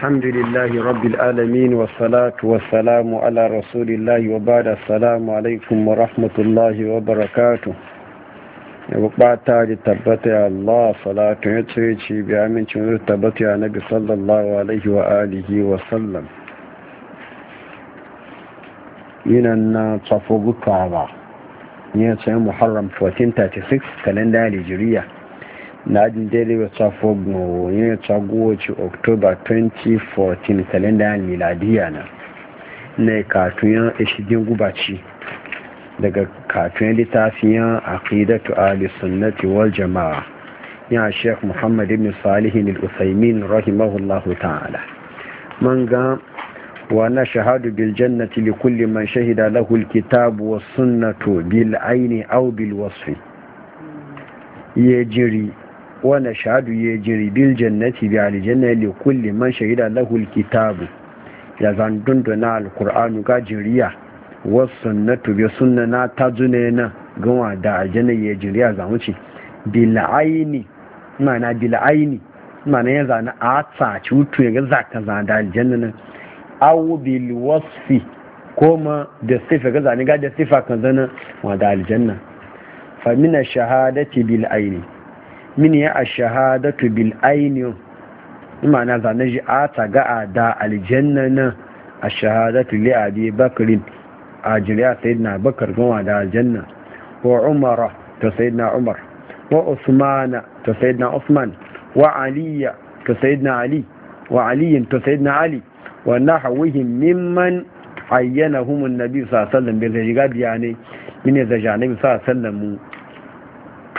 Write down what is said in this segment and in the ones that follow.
الحمد لله رب العالمين والصلاة والسلام على رسول الله وبعد السلام عليكم ورحمة الله وبركاته وقبعتا لتبتع الله صلاة يتسيتي بعمل شمير تبتع نبي صلى الله عليه وآله وسلم من أن صفوق الكعبة نيسان محرم 1436 كالندا الهجرية na daidai wata fogno yin tsagowaci Oktoba 2014 kalendar miladiya na na katuyan ishigin gubaci daga katuyan littafiyan aqidatu ahli sunnati wal jama'a ya Sheikh Muhammad ibn Salih al usaimin rahimahullahu ta'ala man ga وانا shahida بالجنة لكل wa sunnatu bil الكتاب aw bil wasfi ye jiri wane shahadu ya jiri jannati bi alijanna li kulli man shahida lahu alkitabu ya zan dunduna alqur'anu ga jiriya wa sunnatu bi sunnana tajunena gawa da aljanna ya jiriya mu ce. bil aini mana bil aini mana ya zana a tsaci mutu ya ga zaka zana da aljanna nan aw bil wasfi koma da sifa ga zani ga da sifa kan zana wa da aljanna fa min shahadati bil aini min ya a shahadatu bil ainihin imana zane shi a taga a da aljanna na a shahadatu li abi bakarin a jiriya sayidina bakar gama da aljanna wa umara ta sayidina umar wa usmana ta sayidina usman wa aliya ta sayidina ali wa aliyin ta sayidina ali wa nahawihim mimman ayyana humun nabi sa alaihi wasallam bai riga biya ne mine da janabi sallallahu alaihi mu.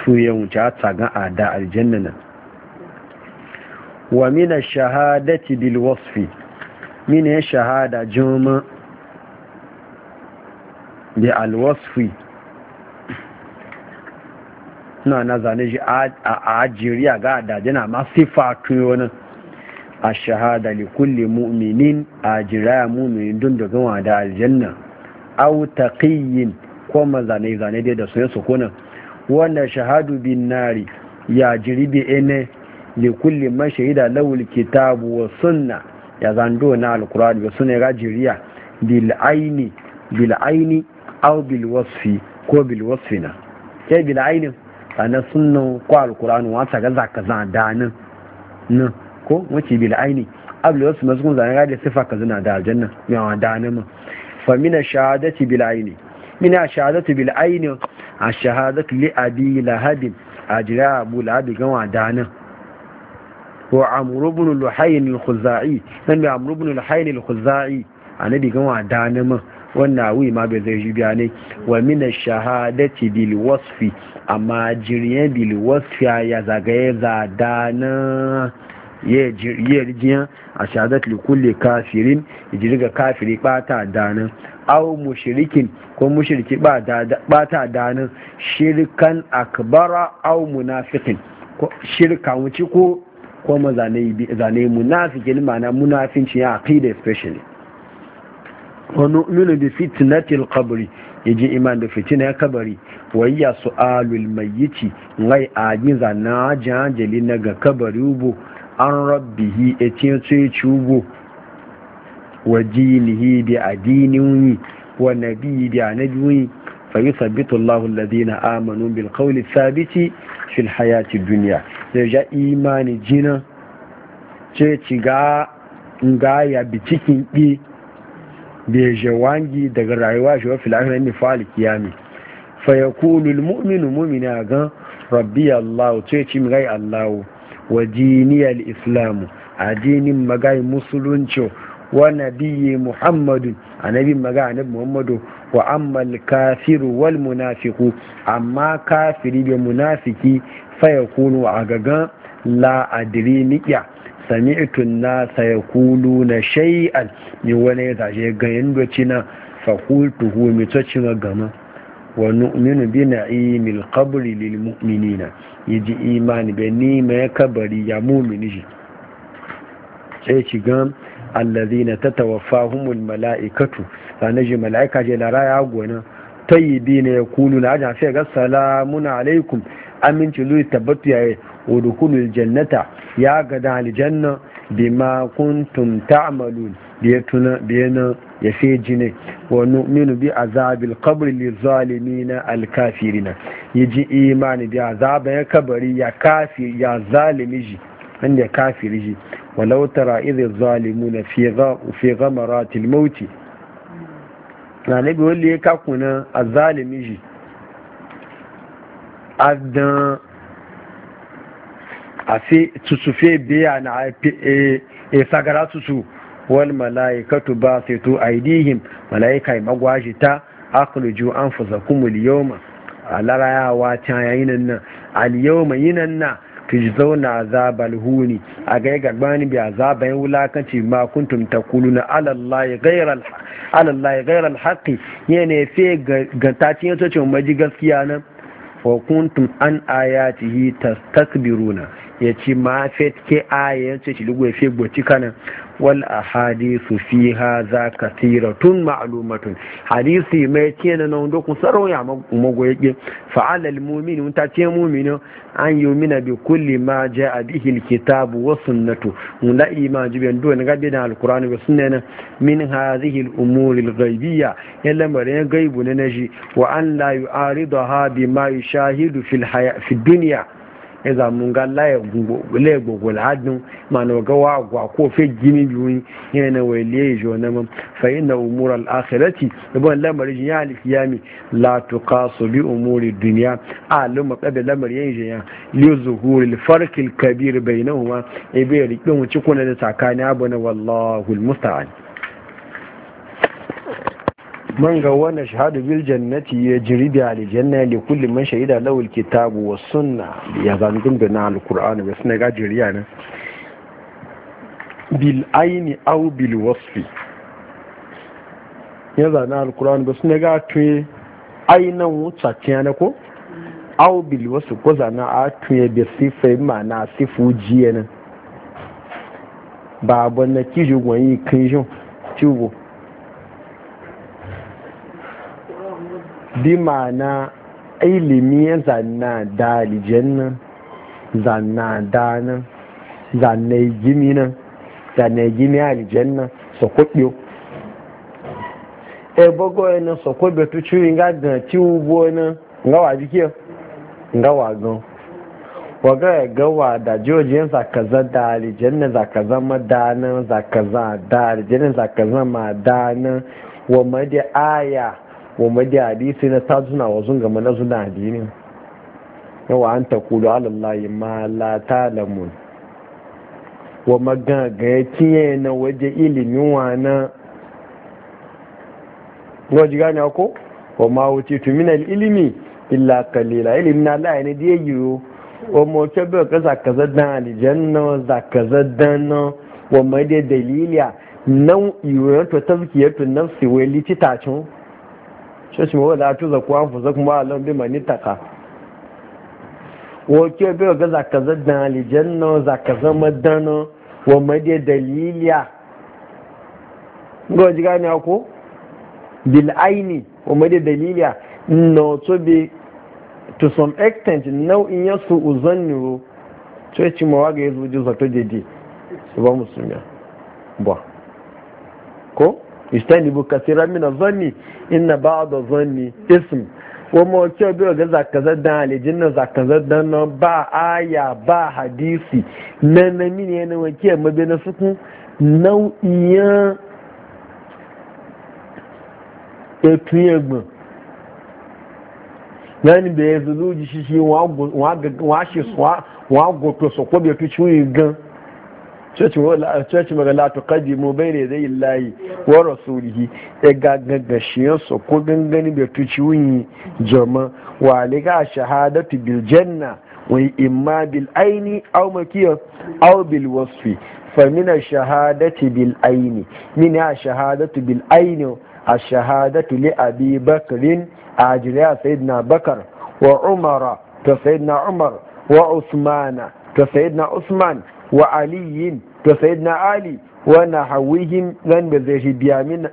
tuye wuce a tsagan a da aljanna nan wa mina shahadati bil wasfi mina shahada juma da wasfi na na zane shi a ajiriya ga adajina na masu fatu nan a shahada li kulli mu'minin jiraya mu'minin dun da gama da aljanna au taqiyyin ko mazane zane dai da su ya wannan shahadu bin nari ya jiri bi ene li kulli man shahida lawul kitabu wa sunna ya zando na alquran wa sunna ga jiriya bil aini bil aini aw bil wasfi ko bil wasfina ke bil aini ana sunna ko alquran wa ta ga zaka danin nan ko wace bil aini abul wasfi mazkun zan ga da sifa kaza na da aljanna wa danin fa mina shahadati bil aini mina shahadati bil aini a shahadat li abi lahabin a jira abu lahabi gan wadanin ko amuru bin luhayin al nan da amuru bin luhayin al-khuzai a nabi gan wadanin man wannan awi ma bai zai jibiya ne wa mina shahadati bil wasfi amma jiriyan bil wasfi ya zagaye zadana ya jiyan a shahadat likulli kafirin jirga kafiri bata danin aw mushrikin ko mushriki bata danin shirkan akbara aw munafiqin shirka wuce ko ko zane munafikin mana munafinci ya aqida especially wa nuna da fitnatil qabri yaji iman da fitina ya kabari wayya su'alul mayyiti ngai ajin zanna jan na ga kabari ubu an rabbihi e sai cubo wa jinihi bi adinihi wa nabiyi bi anabiyi fa yusabbitu Allahu alladhina amanu bil qawli sabiti fil hayati duniya. da ya imani jina ce ci ga ngaya bi cikin bi bi jawangi daga rayuwa shi wa fil akhirati ni fa'al kiyami fa mu'minu mu'mina ga rabbi allahu ce ci mu gai wa jiniyar islamu a jinin magayi musulunci wa nabiye muhammadu a nabi magana muhammadu wa ammal kafiru wal munafiku amma kafiri da munafiki faya kunu a gagan la adiri niƙya sami'tun na ya kulu na shay'an ni wani ya zaje ganyen yin doci na fakultuhu mitocin gama wa nu'minu bi na'imil qabri lil mu'minina yaji imani be ni ma kabari ya mu'mini shi sai ci gan allazina tatawaffahumul mala'ikatu sanaji mala'ika je na raya gona tayyibina yaquluna aja sai ga salamun alaikum aminci lu tabbatu ya udkhulul jannata ya ga da aljanna bima kuntum ta'malun biyatuna biyana ya feji ne wa nu'minu bi azabil qabri li zalimina al kafirina yaji imani bi ya kabari ya kafi ya zalimi ji wanda kafiri ji walau tara idh zalimuna fi fi ghamarati al maut na nabi wali ya kakuna azalimi ji adan a fi tutufe biya na a e, e sagara tutu wal mala'ikatu basitu aidihim mala'ika magwashi ta akhruju anfusakum al yawma alarayawa ta yayin nan al yawma yinan na tujzauna azabal huni a ga garbani bi azaban wulakanci ma kuntum taquluna ala allahi ghayra ala allahi ghayra al haqi yana fe gantacin yato ce maji gaskiya nan wa kuntum an ayatihi tastakbiruna ya ci ma fet ke aya ce shi lugu ya fi gwaci kana wal ahadisu fi ha za ka tira tun ma'alumatun hadisi mai ce na nan dokun tsaron ya mago yake fa'alal mumini ta ce mumini an yi mina bi kulli ma ja a bihi kitabu wa sunnatu la ima jiben do na gabe da alqur'ani wa sunna min hadhihi al-umur al-ghaybiyya ya lamarin gaibu na naji wa an la yu'aridaha bima yushahidu fil shahidu fi duniya. ya zamu ga laye gogol ma mana ga wa gwa ko fe gini biyu yana na waliye jo na mun fa inna umur al akhirati ibn lamari ya al qiyami la tuqasu bi umuri dunya alim qabla lamari ya jinya li zuhur al farq al kabir bainahuma ibe rikin wuce kuna da tsakani abu na wallahu al musta'an man ga wani shahadu bil jannati ya jiri bi aljanna li kulli man shahida lawul kitabu was sunna ya zan dindina alquran wa sunna ga jiriya ne bil aini aw bil wasfi ya zana alquran ba sunna ga tuye ainan wutsaciya ne ko aw bil wasfi ko zana a tuye bi sifai ma'ana sifu jiye ne ba abun na kijo gwanyi kinjo ciwo di ma'ana ilimi zanna da alijan nan zanna da nan zanna gimi nan zanna gimi alijan nan su e bogo yana sokoɓe tu ciwi nga gan ci ugbo nan ngawa jikiyar ngawa gan waga ya gawa da kaza zakaza da alijan zakaza madanin zakaza da alijan zakaza nan wa madi aya wa madi hadisi na ta zuna wa zunga mana zuna addini yawa an ta kulu alallahi ma la lamun wa maganga ya kiyaye na waje ilimin wana waje gani ko wa ma wuce tu min ilimi illa kalila ilimin na Allah ne da yiwu wa ma wuce bai ka na zadan aljanna dan na wa ma da dalila nan iwo to tazkiyatu nafsi wa lititacin ṣọ́ṣì mọ́wọ́ da tó zakuwa wọ́n fún zakun ba lọ́n bí wọ́n kí bí ọ̀gá zakazan dan alijan náà zàkàzọ́ mọ́ dáná wọ́n mọ́dé daliliya ngọ́ jíga ní ako bil aini wọ́n mọ́dé daliliya na tó be to some extent nau'in ya su uzon niro ṣọ́ṣì mọ́wọ́ ga ya zuwa zato daidai su ba ba istanibu kasiran min azanni inna ba'd azanni ism wa mo ke bi ga zakaza dan alijin na zakaza dan na ba aya ba hadisi na na mini ne wa ke mabe na suku nau'iyan etun egbon nani be zuluji shishi wa wa ga wa shi swa wa go to so ko be tu chu gan cocin magana to kaji mu bai ne zai layi wa rasulihi ya e gagagashiyar su ko gangani da tuci wunyi jama wa liga shahadatu bil janna wa imma bil aini aw makiyar aw bil wasfi fa min shahadati bil aini min shahadatu bil aini a shahadatu li abi bakrin a sayyidina bakar wa umara ta sayyidina umar wa usmana ta sayyidina usman wa aliyin to na ali wa hawihin zan da zai shi biya min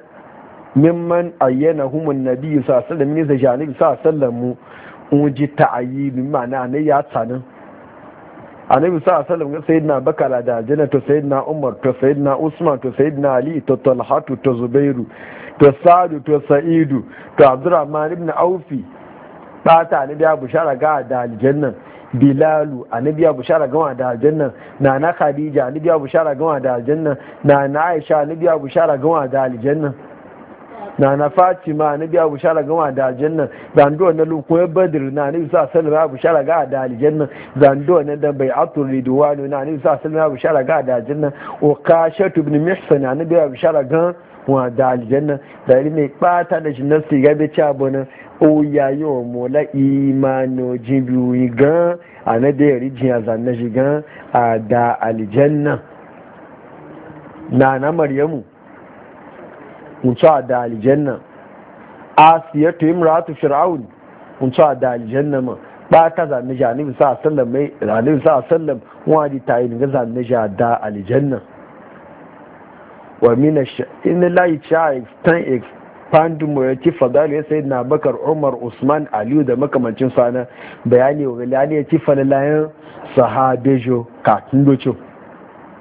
mimman ayyana humun nabi sa sallam ne zai janibi sa sallam mu ji ta'ayi bi ma'ana ne ya tsanin annabi sa sallam ga sayyidina bakala da jana to na umar to na usman to na ali to talhatu to zubairu to Sadu to sa'idu to abdurrahman ibn aufi bata ne ya bushara ga da nan. bilalu annabi ya bushara gama da aljanna na na khadija annabi ya bushara gama da aljanna na na aisha annabi ya bushara gama da aljanna na na fatima annabi ya bushara gama da aljanna zando na ya badir na annabi sa sallallahu ya bushara gama da aljanna zando na da bai'atul ridwanu na annabi sa sallallahu ya bushara gama da aljanna wa kashatu ibn mihsan annabi ya bushara gama wa da aljanna da ne bata da siga ga ci abu bona o ya yo mo la imano yi gan ana de ri jin azan na gan a da aljanna na na maryamu a da aljanna firawun imratu fir'aun a da aljanna ma ba ta zanne a sa sallam mai a sa sallam wa di tayin ga zanne a da aljanna wa mina in lai cha tan ya ci fadalu ya na bakar umar usman aliyu da makamancin sana bayani wa gilani ya ci falalayen sahabejo katun da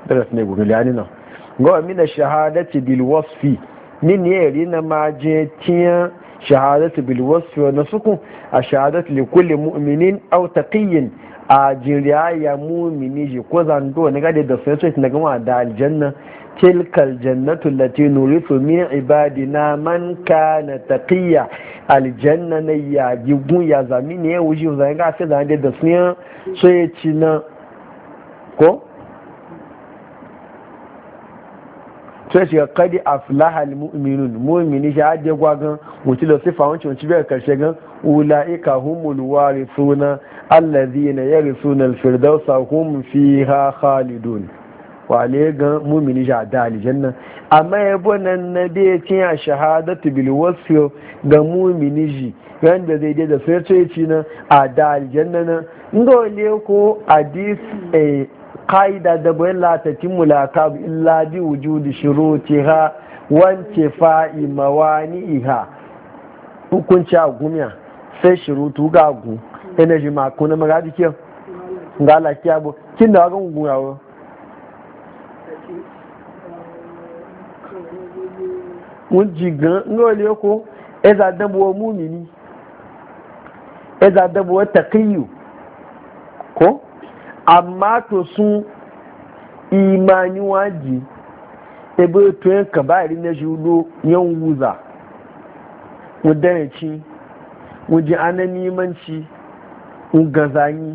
daras ne gilani na ga mina shahadati bil wasfi min ne rina ma je tiya shahadatu bil wasfi wa nasukun a shahadatu li kulli mu'minin aw taqiyyin a jiriya ya mu'mini ji ko zando ne gade da sai sai na gama da aljanna tilkal jannatu lati nurisu min ibadina man kana taqiya aljanna na ya gigun ya zami ne ya wuji zan ga sai zan da sun so ya ci na ko sai shi kadi aflaha almu'minun mu'mini shi hade gwagan wuci da sifa wancin wuci bai karshe gan ulaika humul warithuna alladhina yarithuna alfirdausa hum fiha khalidun wale ga mumini ja da aljanna amma bu nan na bai a shahadatu bil wasfi ga mumini ji wanda zai je da sai ci na a da aljanna na ndole ko hadis eh qaida da bai la ta timulaka illa bi wujudi shurutiha wance fa'i mawani'iha hukunci a gumiya sai shirutu ga gu energy ma kuna magadi kiyo ga lafiya bu kin da wagan gumiya wọ́n ji gan ní ọ̀lẹ́ ọkọ̀ ẹ̀zà dẹ́bùwọ̀ múmìnì ẹ̀zà dẹ́bùwọ̀ tẹ̀kíyù kọ́ àmà tó sún ìmà níwájì ebe tó yẹn kàn báyìí rí nẹ́sì ló yẹn ń wúzà wọ́n dẹ́rẹ̀ kí wọ́n jẹ́ anẹ́mímọ́ǹkì wọ́n gànzáyìn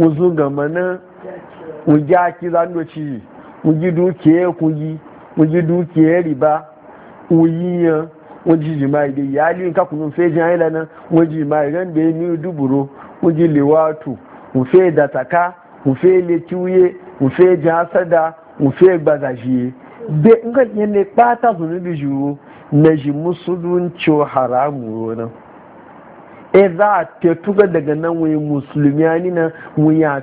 wọ́n zún gàmọ́nà wọ́n jẹ́ akíra ńlọ́kì wọ́n jí dúkìá ẹ̀kún yìí wọ́n jí dúkìá ẹ̀rìbá. oyinya wajen jima'i da yali nka kuma fe jayila na wajen jima'i ran da ya niyo duburo wajen lewato mufe dataka mufe lekiwuye mufe jasada mufe gbazashiye be nka yanne kpata zunubi juru na ji musulun cewa haramu ronan e za a tetuga daga nan wai musulmi ni na mu ya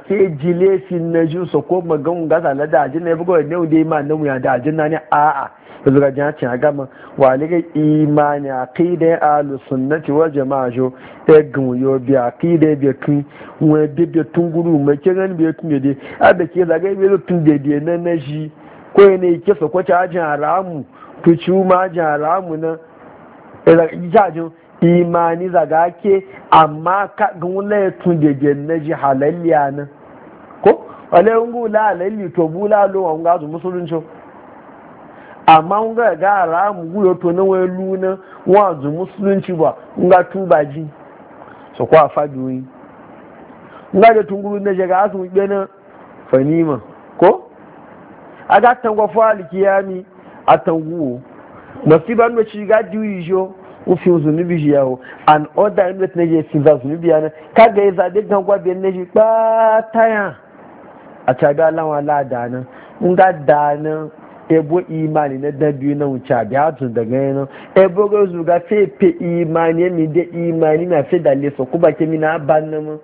na ju so ko magan gaza na da na bugo ne dai ma na ne a a yanzu ga jina a agama wa imani aqida ahlu sunnati wal jamaa jo e gun yo bi aqida bi tun wa bi bi tun guru ma ke gan bi tun de a da ke bi tun de de na na ko ma haramu na e da imani zaga ke amma ka gula ya tun jeje na ji halalliya nan ko wale yin gula halalli to bula lo wa ga musulunci amma n ga ga ra mu gulo to na wai luna wa zu musulunci ba tuba ji so ko fadu yi da tunguru na je ga na fanima ko aga tangwa fa alkiyami atanguwo nasiban no ci ga yi jo ufin zunubi shi yawo an oda imlet na je fi za zunubi yana kaga ya zaɓe kan gwabe na shi a cabi alawa la dana in ga dana ebo imani na dan biyu na wuce bi hatun daga yana ebo ga zuga fe pe imani ya mi de imani na fe da lesa kuma ke mi na ban na mu.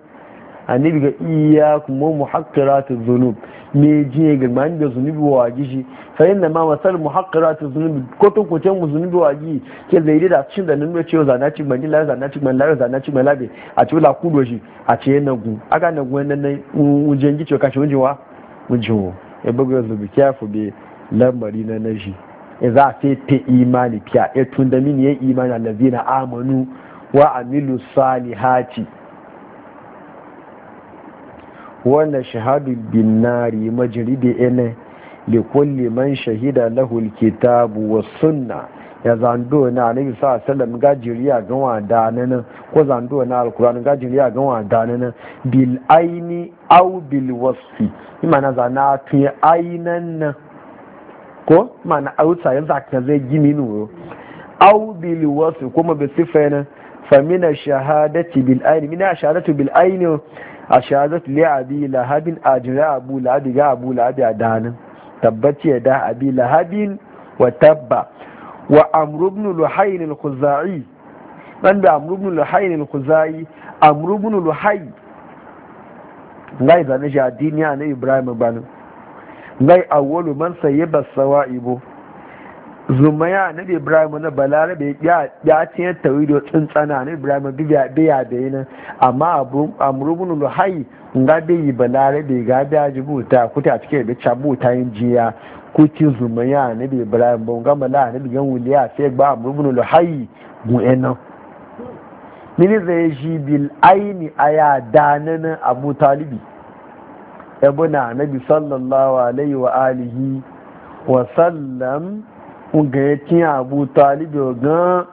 annabi ga iya kuma muhaqqiratu zunub me je ga man da zunubi wa gishi fa inna ma masal muhaqqiratu dhunub ko to ko tan zunubi wa gi ke zai da cin da nuna cewa zana ci man la zana ci man la zana ci man labe a ci la ku doji a ce na gu aga na gu nan nan ujen gice ka shi unjin wa unjin wo e bugo zubi kyafu be lambari na naji e za fe te imani fiya e da min ya imani allazina amanu wa amilu salihati wannan shahadu bin nari majiri da ene da kulli man shahida lahu alkitabu was sunna ya zando na annabi sa sallam ga jiriya ga wada nan ko zando na alquran gajiri a ga wada nan bil aini aw bil wasfi imana zana tu ainan nan ko mana auta yanzu aka zai gini nuro aw bil wasfi kuma bi sifa nan famina shahadati bil aini mina shahadatu bil aini a shahadatu li abi lahabin ajira abu lahabi ga abu lahabi a danin tabbaci ya da abi lahabin wa tabba wa amrubnu ibn luhayn al-khuzai dan da amrubnu ibn luhayn al-khuzai amru ibn ngai zane shi a duniya na ibrahim banu ngai awolu man basawa ibo. zumaya na da ibrahim na balarabe ya ce ya tawi da tsuntsana na ibrahim biya biya bayi nan, amma amurubun luhai nga bai yi balarabe ga biya ji buta kuta cikin da cabuta yin jiya kuci zumaya na da ibrahim ba nga mala na da yan wuliya sai ba amurubun luhayi mu eno mini zai ji bil aini a ya danana abu talibi ebuna nabi sallallahu alaihi wa alihi wa sallam ga ya ci abu talibi gan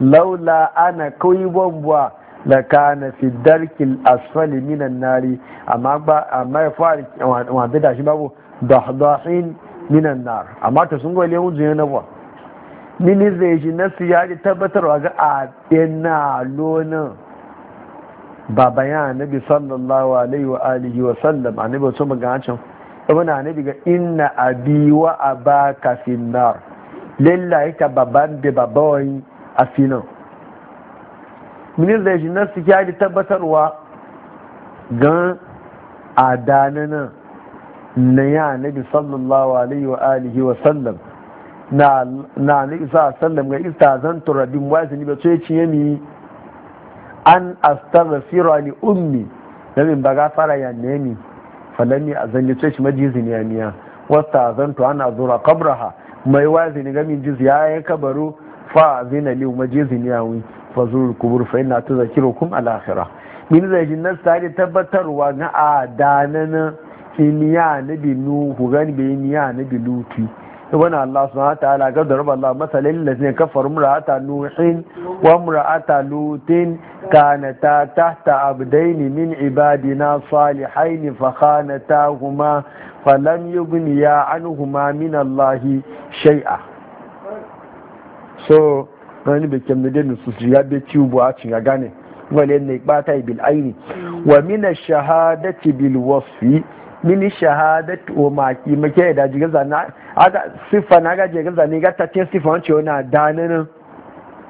laula ana kawai bambuwa da ka na fi darkil asfali minan nari amma ba amma ya fara wanda da shi babu dahdahin minan nar amma ta sun gwale mu zuwa na ba mini zai shi na siya yari tabbatarwa ga a ɗina lonin ba bayan annabi sallallahu alaihi wa alihi wa sallam annabi wasu magana can ibn annabi ga inna abi wa abaka fi nar lẹ́la ìka bàbá ń bẹ bàbá wọ̀nyí àfihàn ministan shi na suke ya tabbatarwa gan adanana na ya nabi sallallahu alaihi wa alihi wa sallam na nabi sallallahu sallam ga istazan turabin wasu ni ba ce ci mi an astaghfiru li ummi da min ba gafara ya nemi falani azan ya ce shi majizin ya niya wasta zan to ana zura qabraha mai wazi ni gami jizi ya yi kabaru fa zina liyu ni yawi fa zuru kubur fa ina ta zakiro kum al'akhira min zai na sari tabbatarwa na adana na iniya na binu hugan bai na biluti wani Allah su hata ala gab da rabar Allah masalin da ne kafar mura'ata nuhin lutin kanata tahta abdaini min ibadina salihaini fa khanatahuma falam yughniya anhuma min Allah shay'a so wani bikin da dinu su ya be ciwo a cin gane wale ne ipata bil aini wa min ash-shahadati bil wasfi mini shahadat wa maki muke da jigaza na aga sifa na ga jigaza ne ga tatin sifa wanci wana danin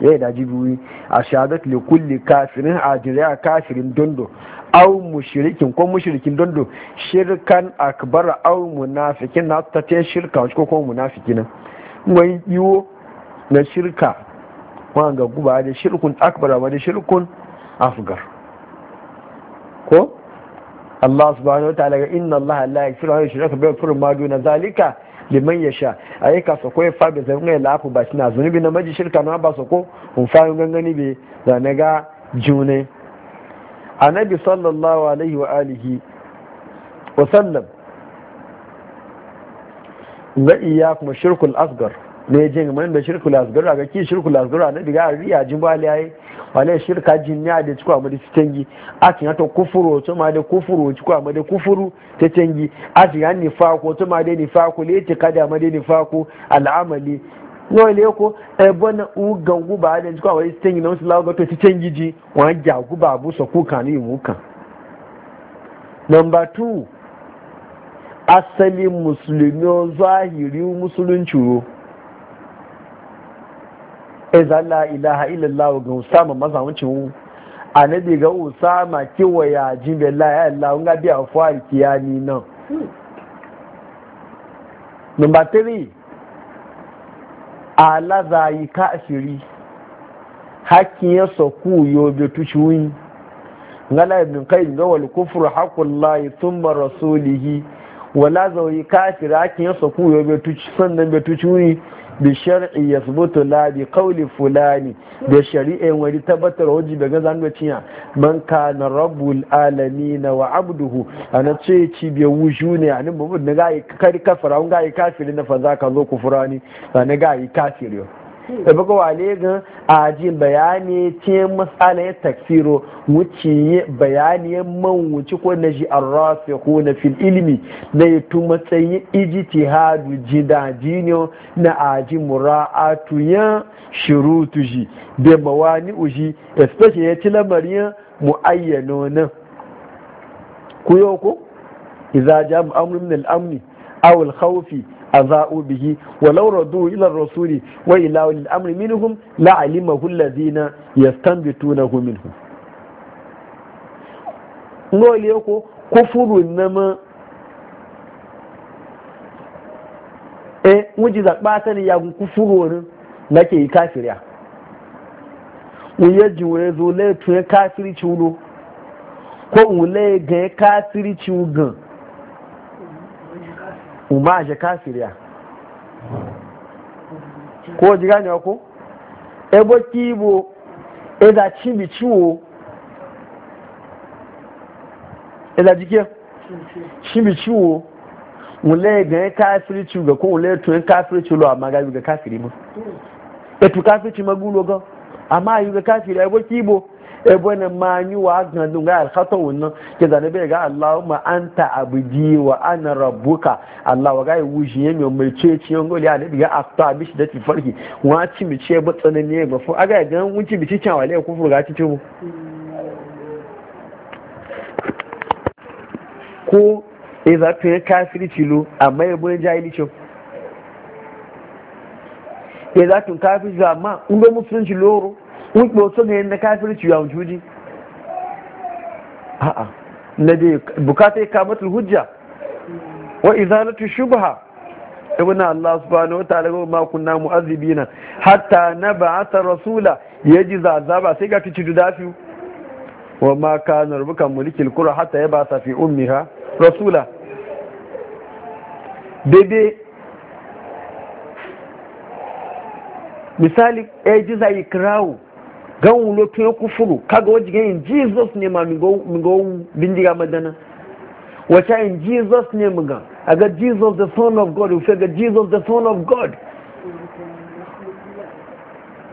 ya eh, da jibuwi a shahadat li kulli kafirin ajriya kafirin dondo au mushrikin ko mushrikin dondo shirkan akbar au munafikin na tatin shirka ko ko munafikin wai yiwo na shirka wanga guba da shirkun akbar wa da shirkun afgar ko Allah subhanahu wataala ga inna Allah la yaghfiru an yushraka bihi wa yaghfiru ma duna zalika liman yasha ayyuka su ko fa be zan ga lafu ba shina zunubi na maji shirka na ba su ko hun fa gangani be da na ga june annabi sallallahu alaihi wa alihi wa sallam ga kuma shirkul asgar ne jin man da shirku lasgara ga ki shirku lasgara na diga riya jin ba laye wale shirka jin ya da cikwa mu da tangi a kin to kufuru to ma da kufuru cikwa mu da kufuru ta tangi a kin an nifako to ma da nifako le ti kada ma da nifako al'amali no le ko e bona u gangu ba da cikwa wai tangi na wasu ga to ti tangi ji wa ja gu ba bu so ku kan yi mu kan number 2 asalin musulmi zahiri musulunci ro za la ilaha illallah ga usama mazamuncin annabi ga usama kiwa ya jibe la ya allah nga biya fuwar kiyani nan number 3 ala zai kafiri hakkin ya soku yo bi tushuwi ngala ibn qayyim ga wal kufr haqqullah thumma rasulihi wala zai kafiri hakkin ya soku yo bi tushi sannan bi tushuwi bi shar'i yasbutu la bi qawli fulani da shari'a wani tabbatar hujji daga zanwa cinya man kana rabbul alamin wa abduhu ana ce ci bi wushu ne anin babu ga yi ga kafiri na fa zaka zo kufurani na ga kafiri da buga wa gan a ji bayani ce ya tafiro wuce bayani man wuce ko na ji arrafi ko na fil ilimi na ya tu matsayi ti hadu ji da jiniyo na aji mura'atu ya shirutu ji da mawani uji especially ya ci lamarin mu'ayyano nan ku yau ko iza ja'a amrun min al aw al a aza'u bihi wa law radu ila ar-rasuli wa ila al-amri minhum la'alimahu alladhina yastanbitunahu minhum ngoli ko kufuru nama e wuji zakpa ta ne ya kufuru wani nake yi kafiriya wuye jiwe zo le tun kafiri ciwo ko wule ga kafiri ciwo gan umma je kafiriya ko ji gane ko ebo kibo eda chibi chiwo eda jike chibi chiwo wule ga kafiri chiwo ga ko wule to kafiri chiwo amma ga ga kafiri mu etu kafiri ma gulo ga amma yu ga kafiri ebo kibo ebona mani wa gandun ga alkhatan wannan ke zane bai ga Allahumma anta abdi wa ana rabbuka Allah wa ga wuji yemi mai ceci yan goli anabi ga astabish da ti farki wa ci mi ce ba tsanani ga fu aga ga wuci bi ci wale ku furga ci mu ko e za ta yi kafirci lo amma ya bude jahilcin e za ta kafirci amma in musulunci loro wípé tó ne na kafirci ya wujudi a'a na dai bukata kamatul hujja wa izalatu shubha ibn Allah subhanahu wataala ga ma kunna mu'azzibina hatta nab'atha rasula yaji zazaba sai ga tuci dafi wa ma kana rubuka mulikil qura hatta yab'atha fi ummiha rasula bebe misali yaji zai kirawo gan wulo tun ya kufuru kaga wajen yin jesus ne ma migo bindiga madana wacce yin jesus ne mu gan a ga jesus the son of god wufe ga jesus the son of god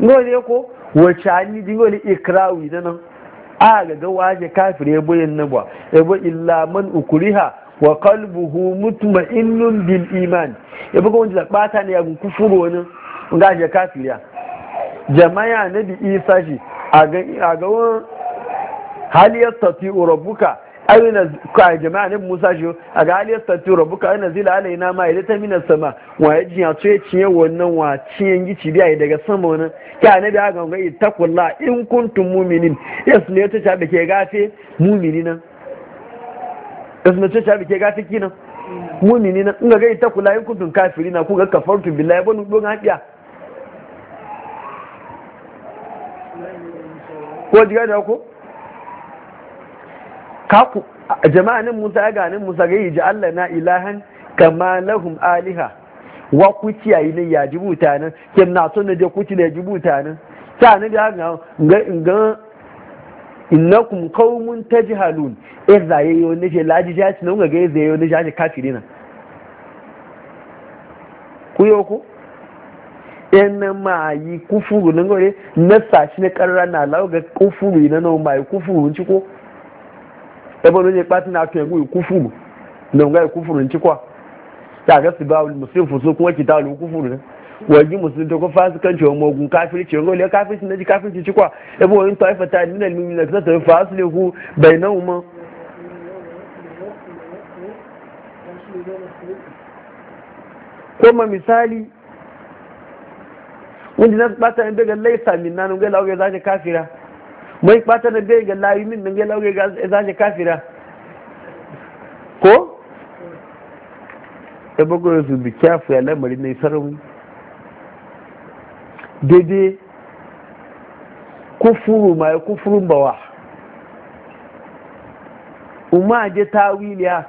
ngo ne ko wacce ni dingo ne ikrawi na nan a ga ga waje kafir ya boyin na ba ya bo illa man ukriha wa qalbuhu mutma'innun bil iman ya buga wanda bata ne ya kufuru wani ga je kafiriya jama'a bi isa shi a ga wani haliyar tafi urabuka ayyuna ka jama'a nabi musa shi a ga haliyar tafi urabuka ayyuna zila alaina ma idan ta minar sama wa ya jiya to ya ciye wannan wa ciyen gici biya daga sama wani ka biya a ganga itakulla in kuntum muminin yasu ne ta cabe ke gafe mumini nan yasu ne ta cabe ke gafe kinan mumini nan in ga ga itakula in kuntum kafirina ku ga kafartu billahi banu don haɗiya ko diga da ko kaku jama'a nan musa ya ganin musa ga yi Allah na ilahan kama lahum aliha wa ku kiyayi ne ya ji mutanen kin na so ne je ku ci ne ji mutanen ta ne ga ga ga innakum qaumun tajhalun idza eh, zaye ne je laji ja ci nan ga ga zaye yo ne ja ci kafiri ku yo ina ma yi kufuru nan gore na sashi na karra na lawo kufuru ina na ma yi kufuru nci ko ebe ne pati na to yi kufuru nan ga kufuru nci ko ta ga su ba musulmi fusu kuma kita lu kufuru ne wajen musulmi to ko fasikanci wa mogun kafirci yanzu ne kafirci na ji kafirci ci kwa ebe wani taifa ta nuna lumi na kasa tafi ku, bai na umar kuma misali wanda na bata ne daga laisa min nan ga lauge zaje kafira mai bata ne daga layi min nan ga lauge zaje kafira ko ta bago su bi kyafu ya lamari ne sarawi daidai kufuru ma ya kufurun bawa umma je tawiliya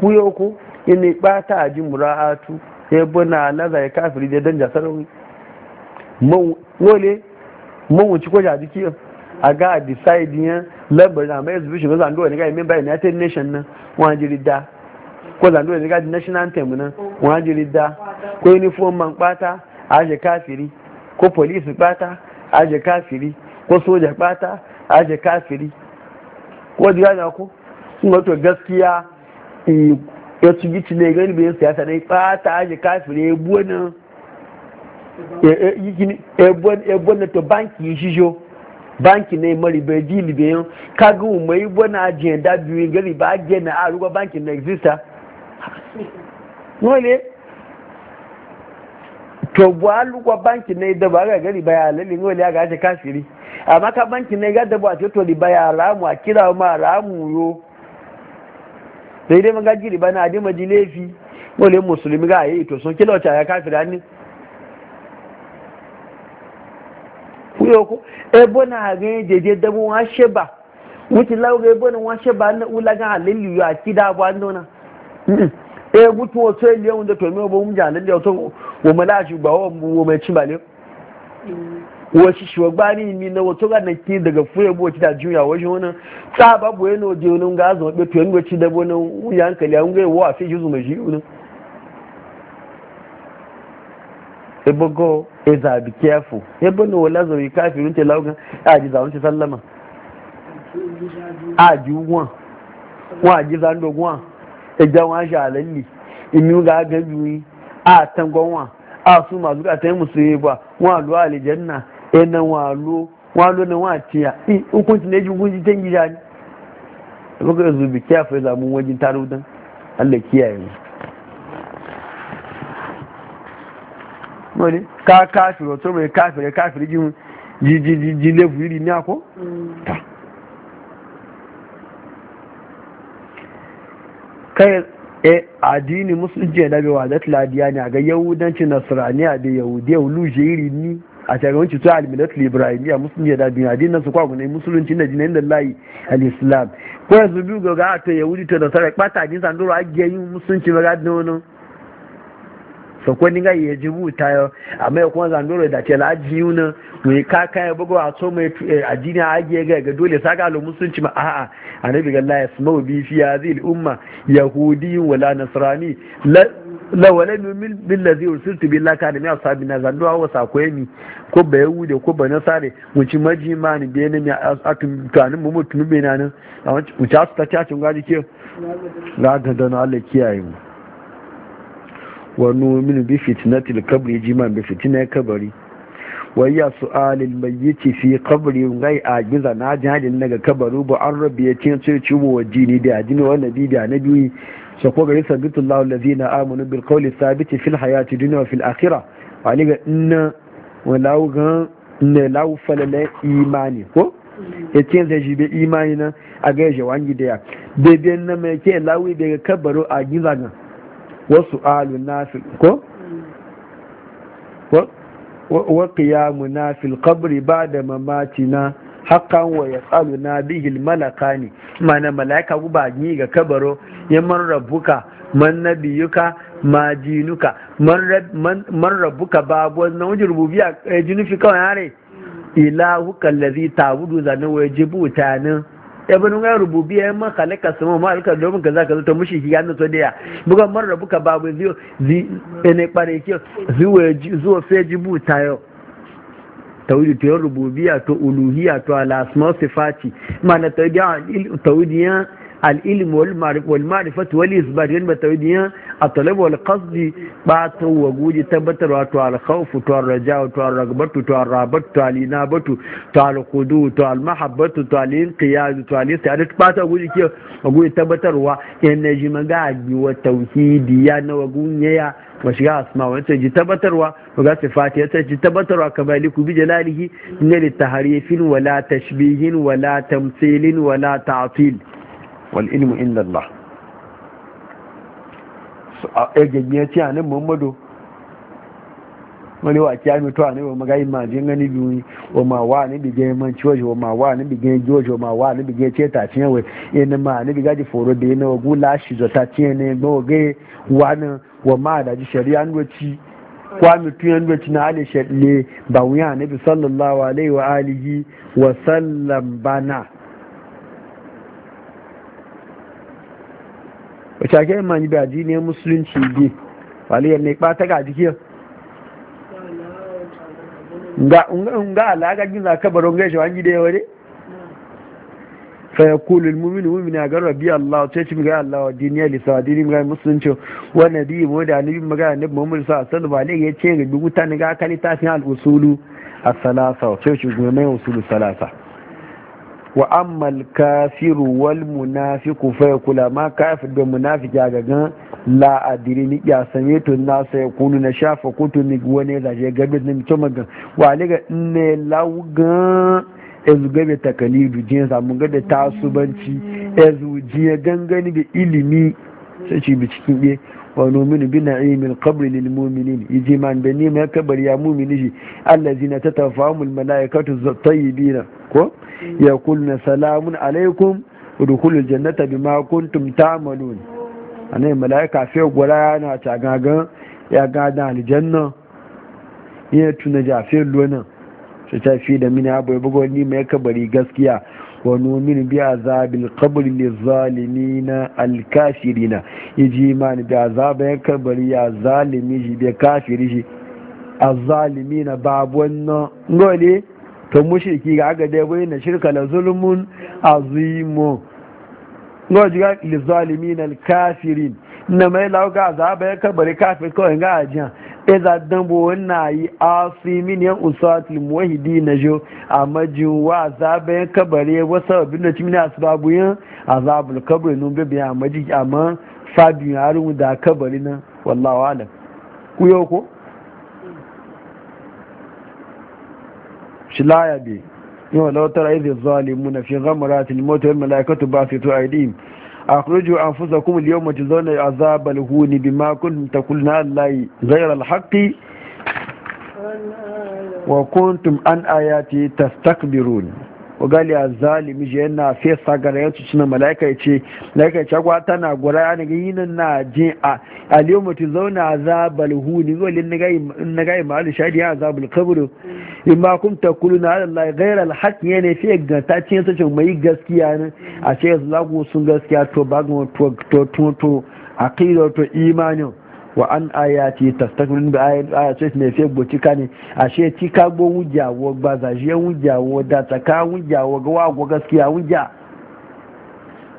kuyo ku yana bata ji mura'atu sai buna na zai kafiri da dan jasar wole mun wuci ko ja jiki a ga a decide yan labar na mai exhibition zan do ne ga member united nation nan wan da. ko zan do ne ga national anthem nan wan da. ko uniform man bata a je kafiri ko police bata a je kafiri ko soja bata a je kafiri ko diga na ko sun wato gaskiya eh, ya ci gici ne gani bai siyasa ne fata aji kafire ya buwa na ya buwa na to banki ya shijo banki ne mari bai ji bai yan kaga mai buwa na ajiyar da biyu gari ba ajiye na a ruwa banki na exista wale to buwa lukwa banki ne da ba ga gari ba ya lalin wale ya ga aji kafiri amma ka banki ne ga da ba to riba ya ramu a kira ma ramu yo sai dai maga giri bana adi maji laifi wale musulmi ga yi to sun kila wacce ya kafira ne kuyo ko ebo na ga jeje dabo wa sheba wuti lawo ga ebo na wa sheba na ulaga halillu e ya kida ba ndona e gutu o sai leon da to me obo mu jalin da to wo mala shi ba wo mu mai ba bale mm. wasu shugabbani mi na wato ga na ke daga fure bo da juya wajen wani ta babu yana waje wani ga azuma bai tuyen gwaci da wani wuya hankali an ga wa a fi jizu mai jiyu ne ebe go eza be careful ebe na wala zauri kafirun te laugan a ji zaunci sallama a ji wọn wọn a ji zandogun wọn e ẹja wọn a ṣe alalli imi ga agabi a tangon wọn a su masu ka ta yi musu yi ba wọn a lo ina walo walo na wace ya hukunci ne jin hukunci ta gida ne da baka jí bi kyafa ya zamu wajen taro don allah kiyaye mu wani ka kafin wato mai ya jí jin jí lefu iri ni ako mm. ta kai ni e, addini musulunci ya dabe wa zata ladiya ne a ga yaudanci nasirani a da yahudiyar lujeri ni a shagabanci to alminat ibrahimiya musulmi da bin adin su kwa ne musulunci da jinai da layi alislam. ko yanzu biyu ga ta yahudi ta da sarai bata din san doro agiye yin musulunci ba ga nono so ko ninga ye jibu yau amma ko kuma doro da ce laji yuna mu yi kaka ya bugo a so mai eh, addini agiye ga ga dole saka lo musulunci ma a'a annabi ga la yasmau bi fi zai umma yahudi wala nasrani lawale min billazi ursiltu billahi kana mi asabi na zandu awa sakoye mi ko ba de ko ba nasare wuci majima ni be ne mi atun tanin mu mutun be na nan a wuci wuci asu ta tacin gaji ke la ga na Allah kiyaye mu wa min bi fitnatil qabri jima bi fitnatil kabari wayya su'alil mayyit fi qabri ngai a giza na jihadin daga kabaru ba an rabbi ya ce ciwo wajini jini da ajini wa nabi da nabi shakko gari sabitun lawon lazina amunu amunin kawli sabiti fil hayati duniya fil akhira wani ga ina walawu gan ne lawu falala imani ko ya ce zai shi bai imani na a ga yaje wani da ya daidai na mai ke lawu daga kabaru a giza gan wasu alu nafi ko wa qiyamu na ba da mamaci na. hakan wa ya tsalu na bihil malaka ne mana malaka guba ni ga kabaro ya man rabuka man nabiyuka ma jinuka man rabuka babu na wajen rububiya eh, fi kawai yare ilahuka allazi tabudu zane wa yajibu tanin ya rububiya ya man khalaqa sama ma alka domin za ka to mushi ya na da ya buga man rabuka babu ziyo zi ne pare kiyo zuwa zuwa fejibu tayo tawhidi to rububiyya to uluhiyya to al asma sifati mana tawhidi ya al ilm wal ma'rif wal ma'rifatu wal isbat yana tawhidi ya at talab wal qasd ba ta waguji tabbatarwa to al khawf to al raja to al ragbatu to al rabat to al inabatu to al qudu to al mahabbatu to al inqiyad to al istidad ba ta waguji ke waguji tabbatarwa yana ji maga wa tawhidi ya na wagunya ya wa shiga asma wa ta ji tabbatarwa wa ga sifati ya ta ji tabbatarwa ka bai liku bi jalalihi ne li wa wala tashbihin wala tamthilin wala ta'til wal ilmu inda Allah a gaggiyar ci a nan Muhammadu wani wa kiyami to ne wa magayi ma jin gani biyu wa ma wa ne bige man ciwoji wa ma wa ne bige jojo wa ma wa ne bige ce ta ciye wa e ina ma ne biga ji foro da yana wagu lashi zota ciye ne ba wa wa ne wa ma da ji shari'a ne ci kwami tuyan da cina ali shaɗle ba wuya ne bi sallallahu alaihi wa alihi wa sallam bana ake ba ji ne musulunci bi ba ta Nga ga Allah ga gina kabarin shi wa gida ya wade fayakulul muminu mumini a garba biya Allah ce ci magana Allah wa diniya lisa wa dini magana musulunci wanda biyu mu da nabi magana nabi muhammadu sa asali ba ne ya ce ga bi mutane ga kalita fi al'usulu a salasa wa ce shi gume mai usulu salasa wa ammal kafiru wal munafiku fa yakula ma kafir da munafiki a gan la adiri ni ya sanye to na sai kunu na shafa kutu ni wani da je gabe ni to magan wa liga ne lawgan ezu gabe takalidu jin ga da tasubanci ezu je gangani da ilimi sai ci bi cikin ɗe wa nomini bi na na'imin qabri lil ne yaji man da ne mai kabar ya mu'mini shi allazina tatafamu al malaikatu bina ko kulna salamun alaikum udkhulul jannata bima kuntum ta'malun anai malaika fe gora na ta gagan ya gada aljanna ya tuna jafiyar lona sai ta fi da mini abu ya bugo ni mai kabari gaskiya ونؤمن بعذاب القبر للظالمين الكافرين يجي من بعذاب القبر يا ظالمي جي بكافر الظالمين باب ون نقولي to mushriki ga aga dai bayyana shirka la zulmun azimu ngo jiga li zalimin al kafirin na mai lawa ga azaba ya kabari kafir ko ga ajan iza dambo wannan yi a min yan usatul muwahidi na jo a majin wa azabayan kabare wasu abin da cimini asbabu yan azabul kabare nun bebe a maji amma sabiyan harin da kabari nan wallawa alam ku yau ko shilaya laya bi yau lautar zuwa lemu na fi gamaratin motar mala'ikatu ba su to aidihim akhruju anfusakum al-yawma tuzawna azab al-huni bima kuntum taqulna allahi ghayra al-haqqi wa kuntum an ayati tastakbirun Ogali a zalimi je yana fesa gara yanzu suna mala'ika ya ce mala'ika ya ce kwa tana gura ya naga yi na je a aliyu ta zauna a zabal huni wali na gaya ma'alu shaidi ya zabal kaburu in ma kun ta kulu na Allah gaira alhaq ne ne fiye ta ce yanzu ce mai gaskiya ne a ce yanzu lagu sun gaskiya to ba to to to to da to imanin wa an ayati tastakbirun bi ayati ne fe gbo tika ne ashe tika gbo wuja wo gbaza je wuja wo da taka wuja wo ga wa go gaskiya wuja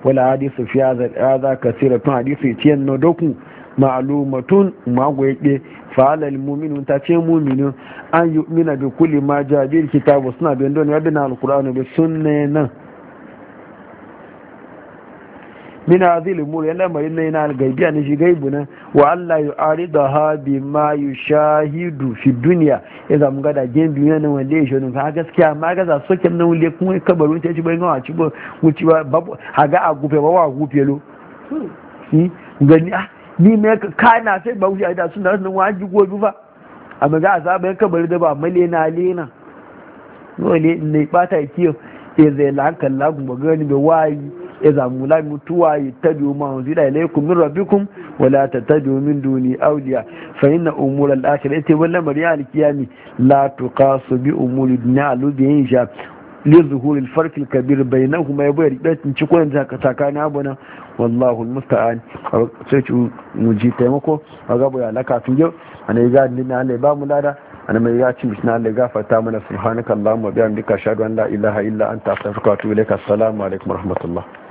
wala hadisu fi hadha kathira tun hadisi tiyan no doku ma'lumatun ma go yake fa alal mu'minu ta ce mu'minu an yu'mina bi kulli ma ja'a bil kitabu sunna bi don wa bin al-qur'an bi nan. min hadhihi al-umur yana mai na al-gaibiya ne shi gaibu nan wa Allah yu'arida ha bi ma yushahidu fi dunya idan mun ga da gen duniya nan wanda ya shonin ka gaskiya ma ga za so kin nan wanda kuma kabarin ta ci bayan wa ci ba wuci ba haga a gufe ba wa gufe lo gani ah ni me kana sai ba wuce da sun da nan waji gobe fa? amma za a saba yan kabari da ba malena lena dole ne bata kiyo sai zai lankan lagun ba gani bai wayi ya zamu متوا يتبعوا ما tabi ma من ربكم ولا تتبعوا من wala tattabi'u min duni awliya fa inna umura al لا تقاس lamari الدنيا qiyami la لظهور الفرق الكبير بينهما يبقى ربات تشكون ذاك تاكان ابنا والله المستعان سيتو مجي تيمكو غابو يا لك تنجو انا يغا لنا الله با ملادا انا ما يغا تشي بسنا الله غفرت لنا سبحانك اللهم وبحمدك اشهد ان لا اله الا انت استغفرك واتوب اليك السلام عليكم ورحمه الله